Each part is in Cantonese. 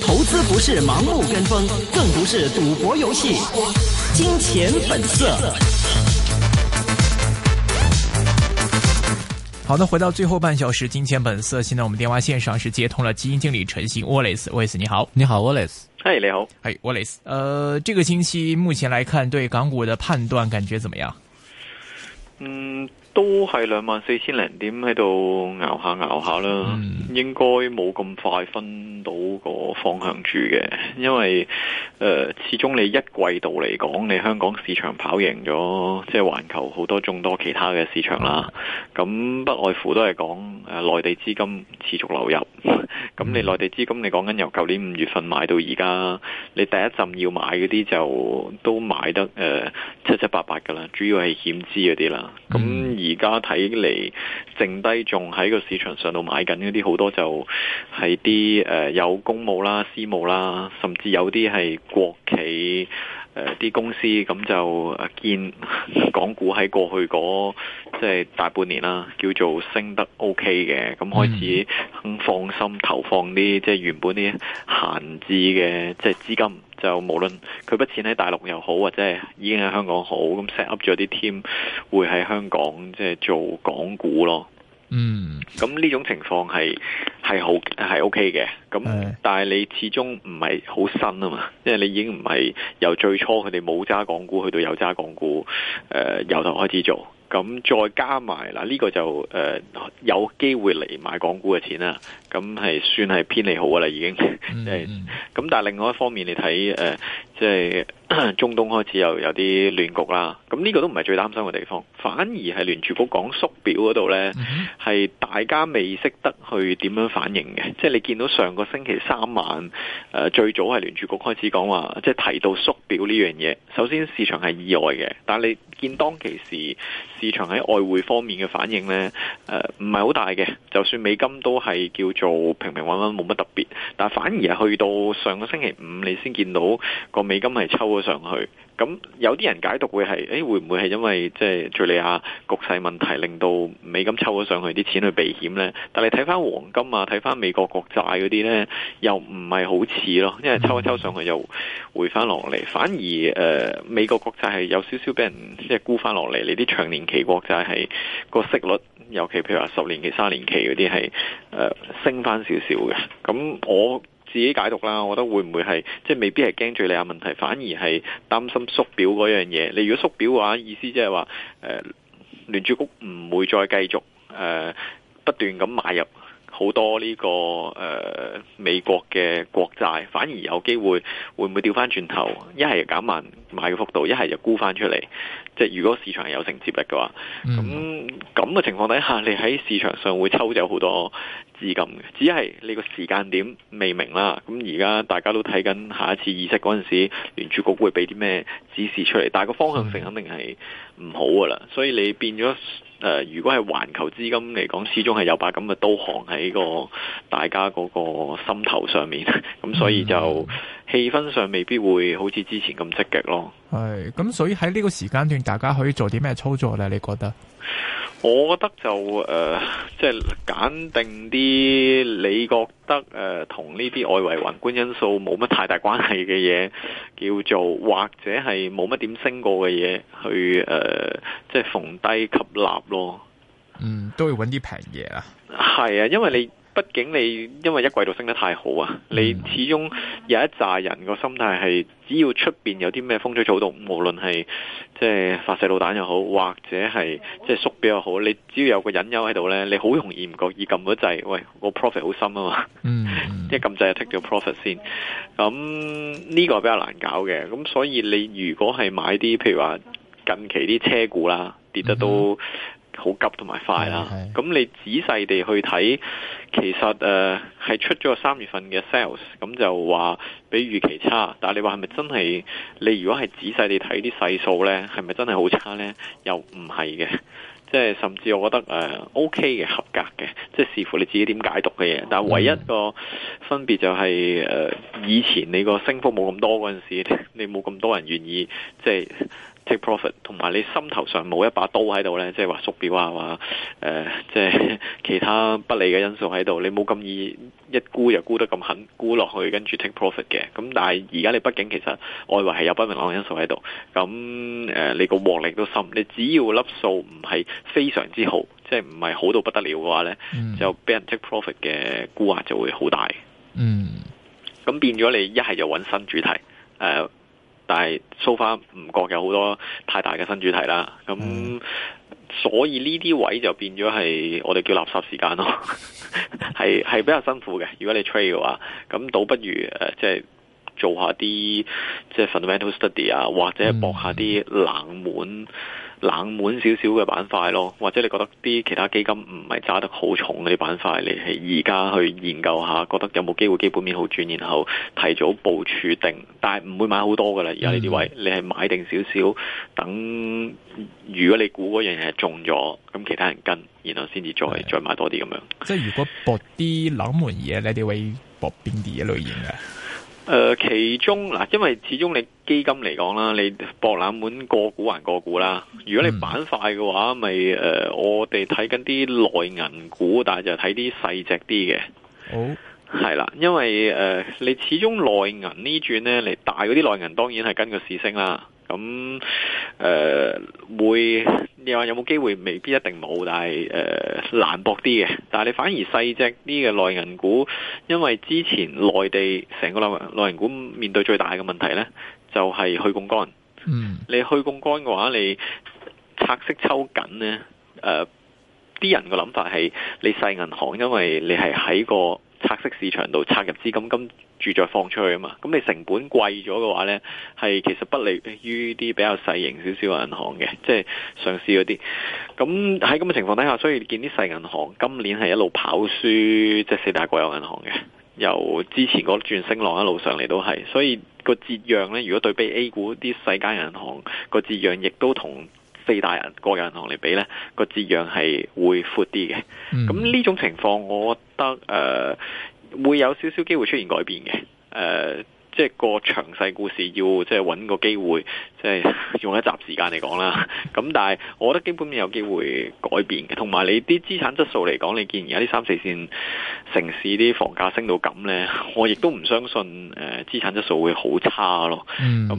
投資不是盲目跟風，更不是賭博遊戲。金錢本色。好的，回到最後半小時，金錢本色。現在我們電話線上是接通了基金經理陳昕 Wallace，Wallace 你好，你好 Wallace，嗨，你好，嗨 Wallace，、hey, 呃，這個星期目前來看，對港股的判斷感覺怎麼樣？嗯。都係兩萬四千零點喺度熬下熬下啦，嗯、應該冇咁快分到個方向住嘅，因為誒、呃、始終你一季度嚟講，你香港市場跑贏咗，即係環球好多眾多其他嘅市場啦。咁不外乎都係講誒內地資金持續流入，咁、嗯嗯、你內地資金你講緊由舊年五月份買到而家，你第一陣要買嗰啲就都買得誒、呃、七七八八噶啦，主要係險資嗰啲啦，咁、嗯。嗯而家睇嚟，剩低仲喺個市場上度買緊嗰啲，好多就係啲誒，有公務啦、私募啦，甚至有啲係國企。誒啲、uh, 公司咁、uh, 就見港股喺過去嗰即係大半年啦，叫做升得 OK 嘅，咁開始肯放心、mm hmm. 投放啲即係原本啲閒置嘅即係資金，就無論佢筆錢喺大陸又好，或者係已經喺香港好，咁 set up 咗啲 team 會喺香港即係、就是、做港股咯。嗯，咁呢種情況係係好係 OK 嘅，咁、OK、的但係你始終唔係好新啊嘛，因為你已經唔係由最初佢哋冇揸港股去到有揸港股，誒、呃、由頭開始做，咁再加埋嗱呢個就誒、呃、有機會嚟買港股嘅錢啦，咁係算係偏利好啦已經，誒、嗯嗯，咁 但係另外一方面你睇誒。呃即係中東開始又有啲亂局啦，咁呢個都唔係最擔心嘅地方，反而係聯儲局講縮表嗰度咧，係大家未識得去點樣反應嘅。即係你見到上個星期三晚，誒最早係聯儲局開始講話，即係提到縮表呢樣嘢。首先市場係意外嘅，但係你見當其時市場喺外匯方面嘅反應咧，誒唔係好大嘅。就算美金都係叫做平平穩穩，冇乜特別，但係反而係去到上個星期五，你先見到個。美金係抽咗上去，咁有啲人解讀會係，誒、哎、會唔會係因為即係敍利亞局勢問題令到美金抽咗上去啲錢去避險呢？但係睇翻黃金啊，睇翻美國國債嗰啲呢，又唔係好似咯，因為抽一抽上去又回翻落嚟，反而誒、呃、美國國債係有少少俾人即係沽翻落嚟，你啲長年期國債係個息率，尤其譬如話十年期、三年期嗰啲係誒升翻少少嘅，咁我。自己解讀啦，我覺得會唔會係即係未必係驚住利率問題，反而係擔心縮表嗰樣嘢。你如果縮表嘅話，意思即係話誒聯儲局唔會再繼續誒、呃、不斷咁買入。好多呢、這個誒、呃、美國嘅國債，反而有機會會唔會調翻轉頭？一係減慢買嘅幅度，一係就沽翻出嚟。即係如果市場係有承接力嘅話，咁咁嘅情況底下，你喺市場上會抽走好多資金嘅。只係你個時間點未明啦。咁而家大家都睇緊下一次議息嗰陣時，聯儲局會俾啲咩指示出嚟？但係個方向性肯定係唔好㗎啦。所以你變咗。呃、如果係環球資金嚟講，始終係有把咁嘅刀行喺個大家嗰個心頭上面，咁、 嗯、 所以就氣氛上未必會好似之前咁積極咯。係，咁所以喺呢個時間段，大家可以做啲咩操作咧？你覺得？我覺得就誒，即係揀定啲你覺得誒，同呢啲外圍宏觀因素冇乜太大關係嘅嘢，叫做或者係冇乜點升過嘅嘢，去誒，即係逢低吸納咯。嗯，都要揾啲平嘢啊。係啊，因為你。畢竟你因為一季度升得太好啊，你始終有一紮人個心態係，只要出邊有啲咩風吹草動，無論係即係發射導彈又好，或者係即係縮比又好，你只要有個隱憂喺度呢，你好容易唔覺意撳咗掣，喂，我 profit 好深啊嘛嗯， 嗯，一撳掣就剔 take 咗 profit 先，咁呢個比較難搞嘅，咁、嗯、所以你如果係買啲譬如話近期啲車股啦，跌得都。嗯嗯好急同埋快啦、啊，咁是是 你仔細地去睇，其實誒係、呃、出咗三月份嘅 sales，咁就話比預期差。但係你話係咪真係？你如果係仔細地睇啲細數呢，係咪真係好差呢？又唔係嘅，即係甚至我覺得誒、呃、OK 嘅，合格嘅，即係視乎你自己點解讀嘅嘢。但係唯一個分別就係、是、誒、呃，以前你個升幅冇咁多嗰陣時，你冇咁多人願意即係。take profit 同埋你心頭上冇一把刀喺度呢，即係話縮表啊，話、呃、誒，即、就、係、是、其他不利嘅因素喺度，你冇咁易一沽，又沽得咁狠沽落去，跟住 take profit 嘅。咁但係而家你畢竟其實外圍係有不明朗嘅因素喺度，咁、嗯、誒你個獲利都深，你只要粒數唔係非常之好，即係唔係好到不得了嘅話呢，就俾人 take profit 嘅沽壓就會好大。嗯，咁變咗你一係就揾新主題誒。呃但係 so far 唔覺有好多太大嘅新主題啦，咁、嗯、所以呢啲位就變咗係我哋叫垃圾時間咯，係 係比較辛苦嘅。如果你 trade 嘅話，咁倒不如誒、呃，即係做一下啲即係 fundamental study 啊，或者係搏下啲冷門。冷門少少嘅板塊咯，或者你覺得啲其他基金唔係揸得好重嗰啲板塊，你係而家去研究下，覺得有冇機會基本面好轉，然後提早部署定，但係唔會買好多噶啦。而家呢啲位，你係買定少少，等如果你估嗰樣嘢中咗，咁其他人跟，然後先至再的再買多啲咁樣。即係如果搏啲冷門嘢，呢啲位搏邊啲嘢類型嘅？誒、呃，其中嗱，因為始終你基金嚟講啦，你博冷門個股還個股啦。如果你板塊嘅話，咪誒、呃，我哋睇緊啲內銀股，但係就睇啲細隻啲嘅。好、哦。係啦，因為誒、呃，你始終內銀轉呢轉咧嚟，大嗰啲內銀，當然係跟個市升啦。咁、嗯、誒、呃、會又話有冇機會，未必一定冇，但係誒、呃、難搏啲嘅。但係你反而細隻啲嘅內銀股，因為之前內地成個樓內，內銀股面對最大嘅問題呢，就係、是、去槓桿。嗯，你去槓桿嘅話，你拆息抽緊呢誒、啲、呃、人嘅諗法係你細銀行，因為你係喺個。拆息市場度拆入資金，今住再放出去啊嘛。咁你成本貴咗嘅話呢，係其實不利於啲比較細型少少嘅銀行嘅，即係上市嗰啲。咁喺咁嘅情況底下，所以見啲細銀行今年係一路跑輸，即係四大國有銀行嘅，由之前嗰轉升浪一路上嚟都係。所以個折讓呢，如果對比 A 股啲細間銀行個折讓，亦都同。四大人個人銀行嚟比咧，個字樣係會闊啲嘅。咁呢、嗯、種情況，我覺得誒、呃、會有少少機會出現改變嘅。誒、呃。即係個詳細故事要即係揾個機會，即係用一集時間嚟講啦。咁但係，我覺得基本面有機會改變嘅。同埋你啲資產質素嚟講，你見而家啲三四線城市啲房價升到咁呢，我亦都唔相信誒資產質素會好差咯。咁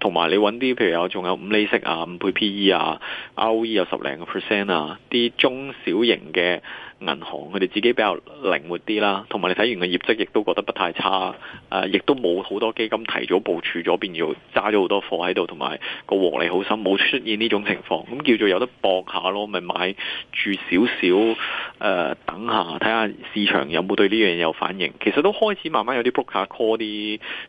同埋你揾啲譬如有仲有五厘息啊、五倍 P E 啊、ROE 有十零個 percent 啊，啲中小型嘅。銀行佢哋自己比較靈活啲啦，同埋你睇完個業績亦都覺得不太差，誒、呃，亦都冇好多基金提早部署咗，變要揸咗好多貨喺度，同埋個獲利好深，冇出現呢種情況，咁叫做有得搏下咯，咪買住少少誒，等下睇下市場有冇對呢樣嘢有反應。其實都開始慢慢有啲 broker call 啲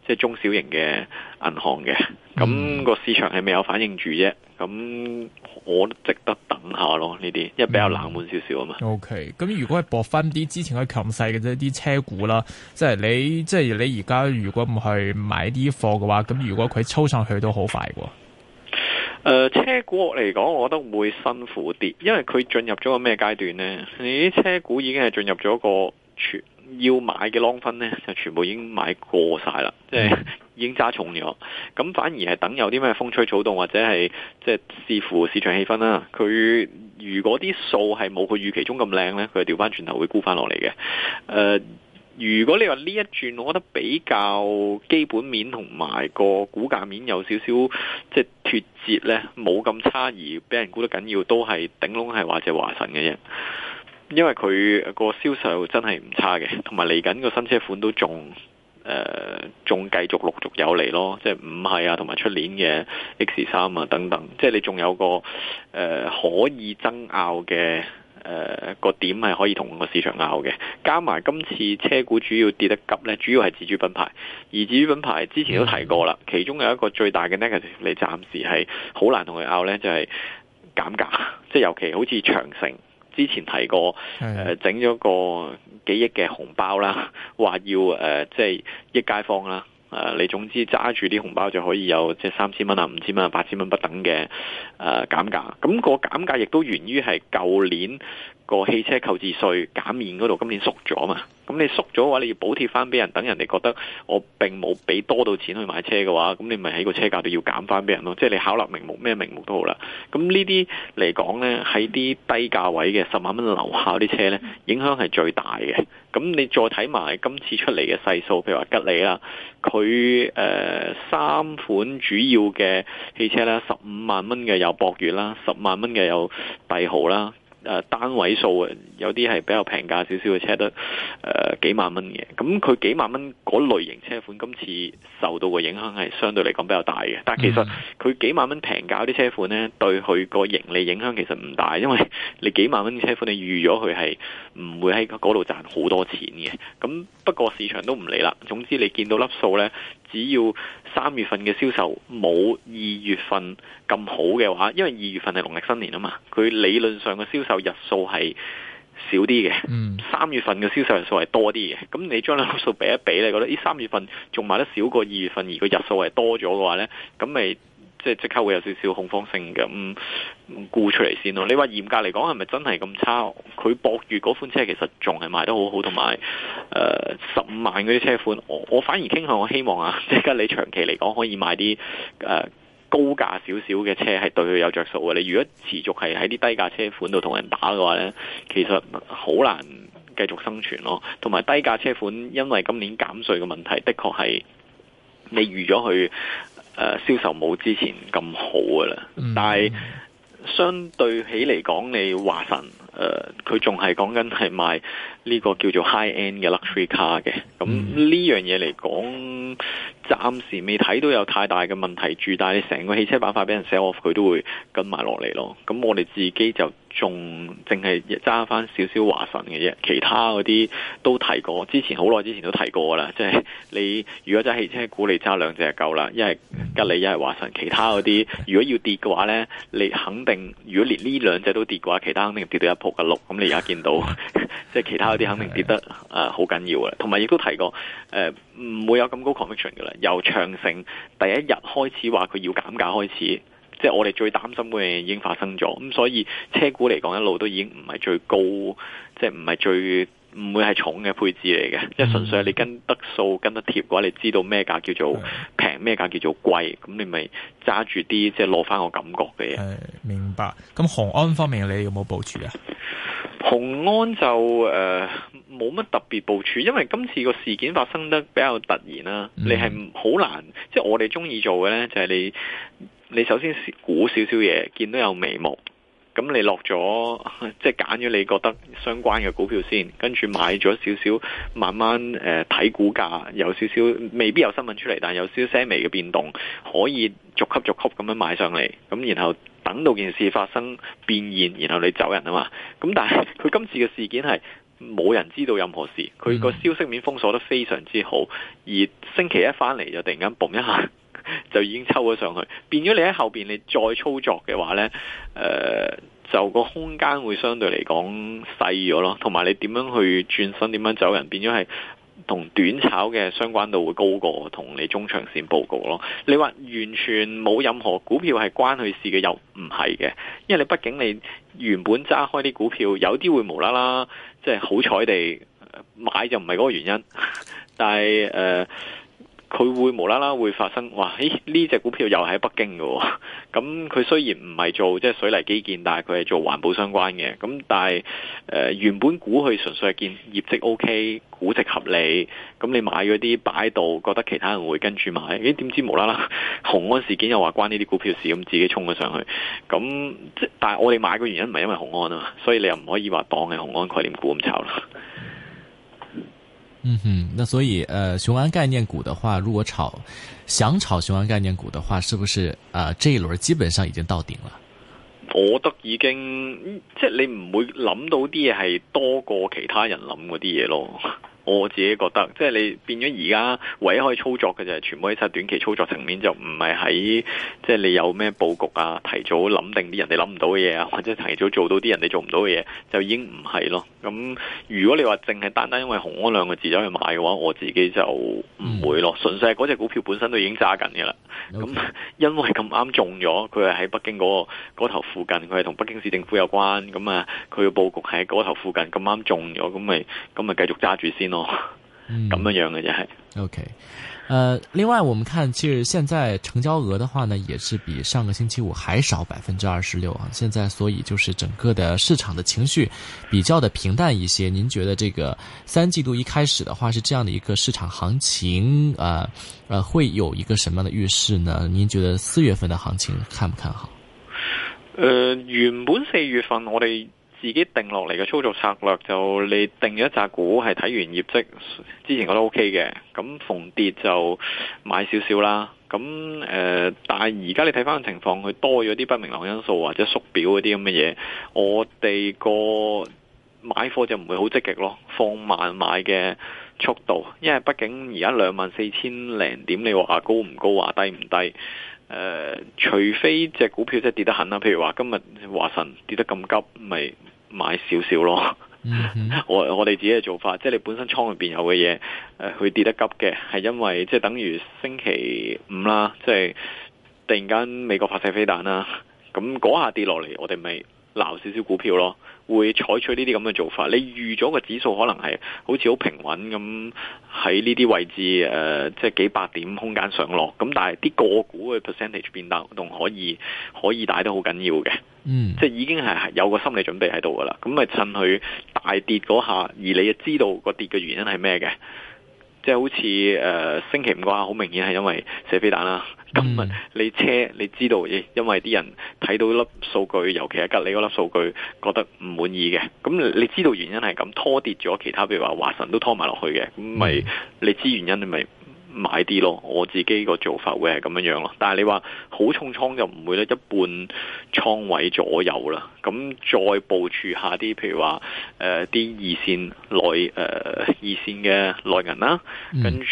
即係中小型嘅銀行嘅。咁、嗯、個市場係未有反應住啫，咁我值得等下咯，呢啲，因為比較冷門少少啊嘛。OK，咁如果係搏翻啲之前佢強勢嘅啫，啲車股啦，即、就、係、是、你即係、就是、你而家如果唔去買啲貨嘅話，咁如果佢抽上去都好快嘅、啊。誒、呃，車股嚟講，我覺得會辛苦啲，因為佢進入咗個咩階段呢？你啲車股已經係進入咗個全要買嘅浪分咧，就全部已經買過晒啦，即係、嗯。已經揸重咗，咁反而係等有啲咩風吹草動，或者係即係視乎市場氣氛啦。佢如果啲數係冇佢預期中咁靚呢，佢調翻轉頭會沽翻落嚟嘅。誒、呃，如果你話呢一轉，我覺得比較基本面同埋個股價面有少少即係脫節呢，冇咁差而俾人沽得緊要，都係頂籠係話隻華晨嘅啫，因為佢個銷售真係唔差嘅，同埋嚟緊個新車款都仲。誒仲、呃、繼續陸續有嚟咯，即係五系啊，同埋出年嘅 X 三啊等等，即係你仲有個誒、呃、可以爭拗嘅誒、呃、個點係可以同個市場拗嘅，加埋今次車股主要跌得急呢，主要係自主品牌，而自主品牌之前都提過啦，其中有一個最大嘅 negative，你暫時係好難同佢拗呢，就係、是、減價，即係尤其好似長城。之前提過，誒，整咗個幾億嘅紅包啦，話要誒，即係益街坊啦。誒、啊，你總之揸住啲紅包就可以有即係三千蚊啊、五千蚊啊、八千蚊不等嘅誒減價。咁、呃嗯個減價亦都源於係舊年個汽車購置稅減免嗰度，今年縮咗嘛。咁、嗯、你縮咗嘅話，你要補貼翻俾人，等人哋覺得我並冇俾多到錢去買車嘅話，咁你咪喺個車價度要減翻俾人咯。即係你巧立名目咩名目都好啦。咁、嗯、呢啲嚟講咧，喺啲低價位嘅十萬蚊樓下啲車咧，影響係最大嘅。咁你再睇埋今次出嚟嘅細數，譬如話吉利啦，佢誒、呃、三款主要嘅汽車咧，十五萬蚊嘅有博越啦，十萬蚊嘅有帝豪啦。誒、呃、單位數嘅有啲係比較平價少少嘅車都，得、呃、誒幾萬蚊嘅。咁佢幾萬蚊嗰類型車款，今次受到嘅影響係相對嚟講比較大嘅。但係其實佢幾萬蚊平價啲車款呢，對佢個盈利影響其實唔大，因為你幾萬蚊車款你預咗佢係唔會喺嗰度賺好多錢嘅。咁不過市場都唔理啦。總之你見到粒數呢，只要三月份嘅銷售冇二月份咁好嘅話，因為二月份係農曆新年啊嘛，佢理論上嘅銷售日數係少啲嘅，三月份嘅銷售日數係多啲嘅，咁你將兩個數比一比，你覺得咦，三月份仲賣得少過二月份，而個日數係多咗嘅話呢？咁咪？即係即刻會有少少恐慌性咁沽、嗯嗯、出嚟先咯。你話嚴格嚟講係咪真係咁差？佢博越嗰款車其實仲係賣得好好，同埋誒十五萬嗰啲車款，我我反而傾向我希望啊，即刻你長期嚟講可以買啲誒、呃、高價少少嘅車，係對佢有着數嘅。你如果持續係喺啲低價車款度同人打嘅話呢，其實好難繼續生存咯。同埋低價車款因為今年減稅嘅問題，的確係。你預咗佢誒，銷售冇之前咁好嘅啦，嗯、但係相對起嚟講，你華晨誒，佢仲係講緊係賣。呢個叫做 high end 嘅 luxury car 嘅，咁呢樣嘢嚟講，暫時未睇到有太大嘅問題住，但你成個汽車板塊俾人 sell off，佢都會跟埋落嚟咯。咁我哋自己就仲淨係揸翻少少華晨嘅啫，其他嗰啲都提過，之前好耐之前都提過啦。即係你如果揸汽車股你揸兩隻就夠啦，一係吉利，一係華晨，其他嗰啲如果要跌嘅話呢，你肯定如果連呢兩隻都跌嘅話，其他肯定跌到一仆一碌。咁你而家見到即係其他。啲 肯定跌得誒好緊要嘅，同埋亦都提過誒唔、呃、會有咁高 conviction 嘅啦，由長城第一日開始話佢要減價開始，即係我哋最擔心嘅嘢已經發生咗，咁、嗯、所以車股嚟講一路都已經唔係最高，即係唔係最。唔會係重嘅配置嚟嘅，即係純粹係你跟得數、跟得貼嘅話，你知道咩價叫做平，咩、嗯、價叫做貴，咁你咪揸住啲即係攞翻個感覺嘅嘢、嗯。明白。咁紅安方面，你有冇部署啊？紅安就誒，冇、呃、乜特別部署，因為今次個事件發生得比較突然啦，嗯、你係好難，即、就、係、是、我哋中意做嘅呢，就係、是、你你首先估少少嘢，見到有眉目。咁你落咗，即係揀咗你覺得相關嘅股票先，跟住買咗少少，慢慢誒睇、呃、股價，有少少未必有新聞出嚟，但有少少聲微嘅變動，可以逐級逐級咁樣買上嚟，咁然後等到件事發生變現，然後你走人啊嘛。咁但係佢今次嘅事件係冇人知道任何事，佢個消息面封鎖得非常之好，而星期一翻嚟就突然間嘣一下。就已經抽咗上去，變咗你喺後邊，你再操作嘅話呢，誒、呃、就個空間會相對嚟講細咗咯，同埋你點樣去轉身，點樣走人，變咗係同短炒嘅相關度會高過同你中長線佈局咯。你話完全冇任何股票係關佢事嘅？又唔係嘅，因為你畢竟你原本揸開啲股票，有啲會無啦啦，即係好彩地買就唔係嗰個原因，但係誒。呃佢會無啦啦會發生，哇！咦？呢隻股票又喺北京嘅，咁、嗯、佢雖然唔係做即係水泥基建，但係佢係做環保相關嘅。咁、嗯、但係誒、呃、原本估佢純粹係見業績 OK，估值合理，咁、嗯、你買嗰啲擺度，覺得其他人會跟住買。咦？點知無啦啦，紅安事件又話關呢啲股票事，咁、嗯、自己衝咗上去。咁、嗯、即但係我哋買嘅原因唔係因為紅安啊，所以你又唔可以話當係紅安概念股咁炒啦。嗯哼，那所以，呃，雄安概念股的話，如果炒，想炒雄安概念股的話，是不是啊、呃？這一輪基本上已經到頂啦。我都已經，即係你唔會諗到啲嘢係多過其他人諗嗰啲嘢咯。我自己覺得，即係你變咗而家唯一可以操作嘅就係全部喺曬短期操作層面就，就唔係喺即係你有咩佈局啊，提早諗定啲人哋諗唔到嘅嘢啊，或者提早做到啲人哋做唔到嘅嘢，就已經唔係咯。咁、嗯、如果你話淨係單單因為紅安兩個字走去買嘅話，我自己就唔會咯。純粹係嗰隻股票本身都已經揸緊嘅啦。咁、嗯、因為咁啱中咗，佢係喺北京嗰個嗰頭附近，佢係同北京市政府有關。咁、嗯、啊，佢嘅佈局喺嗰頭附近咁啱中咗，咁咪咁咪繼續揸住先咯。咁、哦、樣樣嘅啫係，OK，誒、呃，另外我們看，其實現在成交額的話呢，也是比上個星期五還少百分之二十六啊。現在所以就是整個的市場的情緒比較的平淡一些。您覺得這個三季度一開始的話是這樣的一個市場行情啊、呃？呃，會有一個什麼樣的預示呢？您覺得四月份的行情看不看好？誒、呃，原本四月份我哋。自己定落嚟嘅操作策略，就你定咗一扎股，係睇完業績之前覺得 OK 嘅，咁逢跌就買少少啦。咁誒、呃，但係而家你睇翻個情況，佢多咗啲不明朗因素或者縮表嗰啲咁嘅嘢，我哋個買貨就唔會好積極咯，放慢買嘅速度，因為畢竟而家兩萬四千零點，你話高唔高啊？低唔低？誒、呃，除非隻股票真係跌得很啦，譬如話今日華晨跌得咁急，咪買少少咯。 我我哋自己嘅做法，即係你本身倉裏邊有嘅嘢，誒、呃，佢跌得急嘅，係因為即係等於星期五啦，即係突然間美國發射飛彈啦，咁嗰下跌落嚟，我哋咪，撈少少股票咯，會採取呢啲咁嘅做法。你預咗個指數可能係好似好平穩咁喺呢啲位置，誒、呃，即係幾百點空間上落。咁但係啲個股嘅 percentage 變動仲可以可以大得好緊要嘅。嗯，即係已經係有個心理準備喺度噶啦。咁咪趁佢大跌嗰下，而你又知道個跌嘅原因係咩嘅？即係好似誒、呃、星期五嗰下好明顯係因為射飛彈啦，今日你車你知道，因為啲人睇到粒數據，尤其係隔籬嗰粒數據，覺得唔滿意嘅，咁你知道原因係咁拖跌咗，其他譬如話華神都拖埋落去嘅，咁咪是你知原因你咪。買啲咯，我自己個做法會係咁樣樣咯。但係你話好重倉就唔會咧，一半倉位左右啦。咁再部署一下啲，譬如話誒啲二線內誒、呃、二線嘅內銀啦，嗯、跟住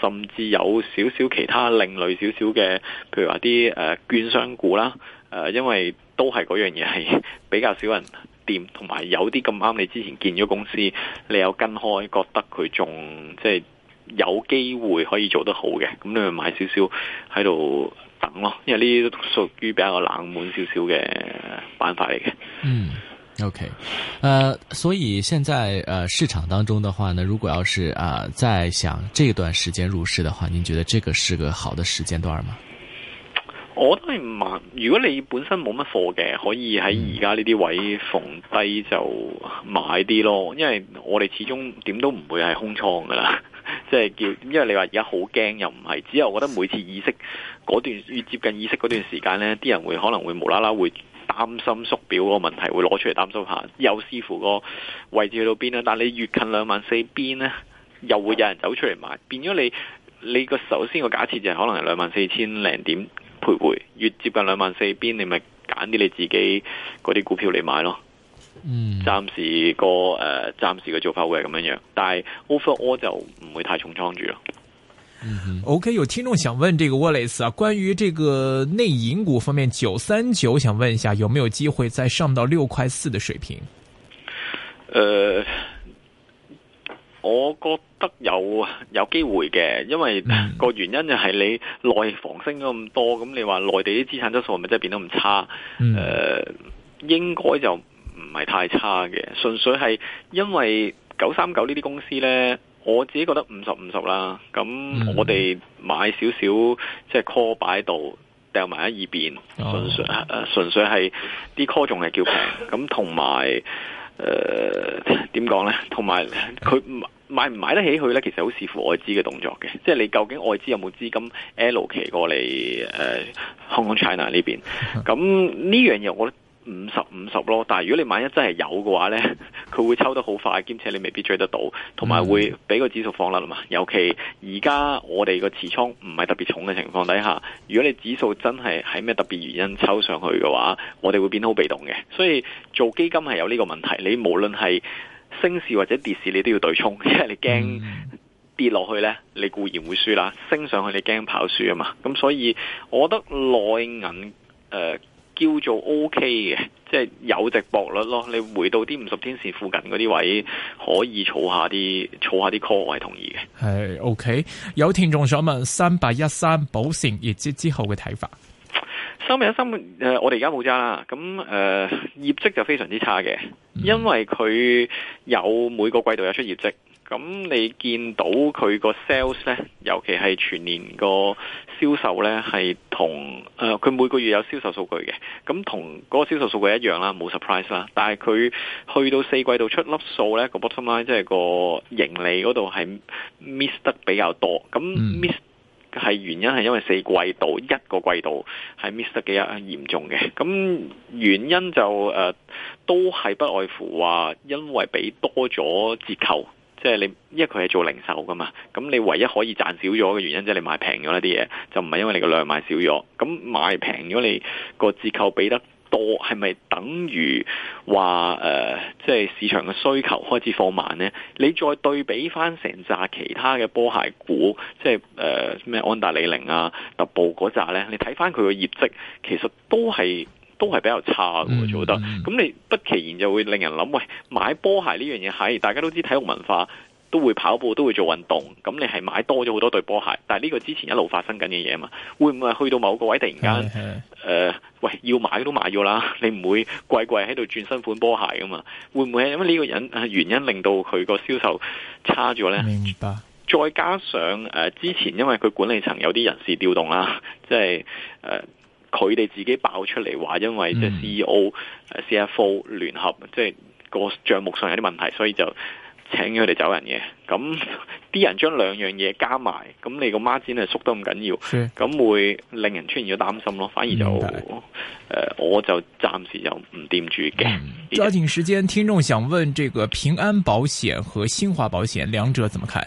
甚至有少少其他另類少少嘅，譬如話啲誒券商股啦。誒、呃，因為都係嗰樣嘢係比較少人掂，同埋有啲咁啱你之前見咗公司，你有跟開，覺得佢仲即係。有機會可以做得好嘅，咁你咪買少少喺度等咯，因為呢啲都屬於比較冷門少少嘅板塊嚟嘅。嗯，OK，誒、uh，所以現在誒、uh, 市場當中嘅話呢，如果要是啊在想這段時間入市嘅話，你覺得這個是個好的時間段嗎？我都係唔買，如果你本身冇乜貨嘅，可以喺而家呢啲位逢低就買啲咯，嗯、因為我哋始終點都唔會係空倉噶啦。即係叫，因為你話而家好驚又唔係，只有我覺得每次議息嗰段，越接近議息嗰段時間呢啲人會可能會無啦啦會擔心縮表個問題，會攞出嚟擔心下。又視乎個位置去到邊啦，但係你越近兩萬四邊呢，又會有人走出嚟買。變咗你你個首先個假設就係可能係兩萬四千零點徘徊，越接近兩萬四邊，你咪揀啲你自己嗰啲股票嚟買咯。嗯暫、呃，暫時個誒，暫時嘅做法會係咁樣樣，但係 overall 就唔會太重倉住咯。嗯、o、okay, k 有聽眾想問這個 Wallace 啊，關於這個內銀股方面，九三九想問一下，有沒有機會再上到六塊四嘅水平？誒、呃，我覺得有有機會嘅，因為個、嗯、原因就係你內房升咗咁多，咁、嗯嗯、你話內地啲資產質素係咪真係變得咁差？誒、呃，應該就。唔係太差嘅，純粹係因為九三九呢啲公司呢，我自己覺得五十五十啦。咁我哋買少少，即係 call 擺度掉埋喺二邊，純粹係、oh. 呃、粹係啲 call 仲係叫平。咁同埋誒點講呢？同埋佢買唔買，買得起佢呢？其實好視乎外資嘅動作嘅，即係你究竟外資有冇資金 L 期過嚟誒、呃、Hong k China 呢邊？咁呢樣嘢我。五十五十咯，但係如果你萬一真係有嘅話呢，佢會抽得好快，兼且你未必追得到，同埋會俾個指數放甩啦嘛。尤其而家我哋個持倉唔係特別重嘅情況底下，如果你指數真係喺咩特別原因抽上去嘅話，我哋會變好被動嘅。所以做基金係有呢個問題，你無論係升市或者跌市，你都要對沖，因為你驚跌落去呢，你固然會輸啦；升上去你驚跑輸啊嘛。咁所以，我覺得內銀、呃叫做 O K 嘅，即係有值博率咯。你回到啲五十天線附近嗰啲位，可以儲下啲，儲下啲 call，我係同意嘅。係 O K。Okay. 有聽眾想問：三八一三寶勝業績之後嘅睇法？三八一三誒，我哋而家冇揸啦。咁誒、呃，業績就非常之差嘅，因為佢有每個季度有出業績。嗯咁你見到佢個 sales 呢，尤其係全年個銷售呢，係同誒佢、呃、每個月有銷售數據嘅。咁同嗰個銷售數據一樣啦，冇 surprise 啦。但係佢去到四季度出粒數呢，個 bottom line 即係個盈利嗰度係 miss 得比較多。咁 miss 係原因係因為四季度一個季度係 miss 得幾啊嚴重嘅。咁原因就誒、呃、都係不外乎話因為俾多咗折扣。即係你，因為佢係做零售噶嘛，咁你唯一可以賺少咗嘅原因，即係你賣平咗呢啲嘢，就唔係因為你個量賣少咗。咁賣平咗，你個折扣比得多，係咪等於話誒、呃，即係市場嘅需求開始放慢呢？你再對比翻成紮其他嘅波鞋股，即係誒咩安踏、李寧啊、特步嗰紮呢？你睇翻佢嘅業績，其實都係。都係比較差嘅做得，咁、嗯嗯、你不其然就會令人諗，喂，買波鞋呢樣嘢，係大家都知體育文化都會跑步都會做運動，咁你係買多咗好多對波鞋，但係呢個之前一路發生緊嘅嘢啊嘛，會唔會去到某個位突然間，誒是、呃，喂，要買都買咗啦，你唔會貴貴喺度轉新款波鞋噶嘛？會唔會係因為呢個人原因令到佢個銷售差咗呢？白再加上誒、呃，之前因為佢管理層有啲人事調動啦，即係誒。呃佢哋自己爆出嚟話，因為即係 CEO、CFO 聯合，嗯、即係個賬目上有啲問題，所以就請佢哋走人嘅。咁啲人將兩樣嘢加埋，咁你個孖展係縮得咁緊要，咁是會令人出現咗擔心咯。反而就誒、嗯呃，我就暫時就唔掂住嘅。抓緊、嗯、在時間，聽眾想問這個平安保險和新華保險兩者怎麼看？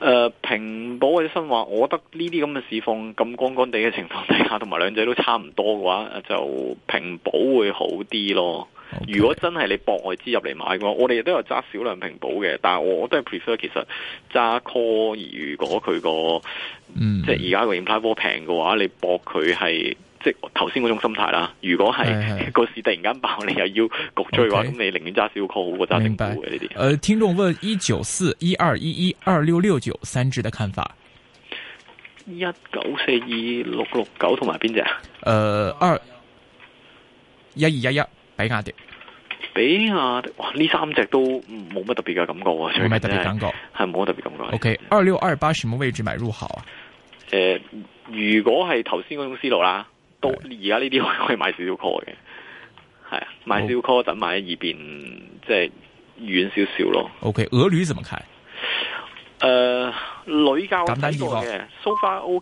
誒、呃、平保或者新話，我覺得呢啲咁嘅市況咁乾乾地嘅情況底下，同埋兩者都差唔多嘅話，就平保會好啲咯。Okay. 如果真係你博外資入嚟買嘅話，我哋亦都有揸少量平保嘅，但係我都係 prefer 其實揸 call。如果佢個、嗯、即係而家個 implicit 波平嘅話，你博佢係。即係頭先嗰種心態啦。如果係個市突然間爆，你又要焗追嘅話，咁 Okay. 你寧願揸小 call 好過揸正股嘅呢啲。誒、呃，聽眾問一九四一二一一二六六九三隻嘅看法。1, 9, 4, 2, 6, 6, 9, 一九四二六六九同埋邊隻啊？誒，二一二一一，比亞迪，比亞迪哇！呢三隻都冇乜特別嘅感覺，係咪特別感覺？係冇乜特別感覺。O K，二六二八什麼位置買入好啊？誒、呃，如果係頭先嗰種思路啦。到而家呢啲可以買少少 call 嘅，係啊，買少 call 等埋喺二邊，即係遠少少咯。OK，鵝女怎麼睇？誒、呃，女教簡單啲講，so far OK。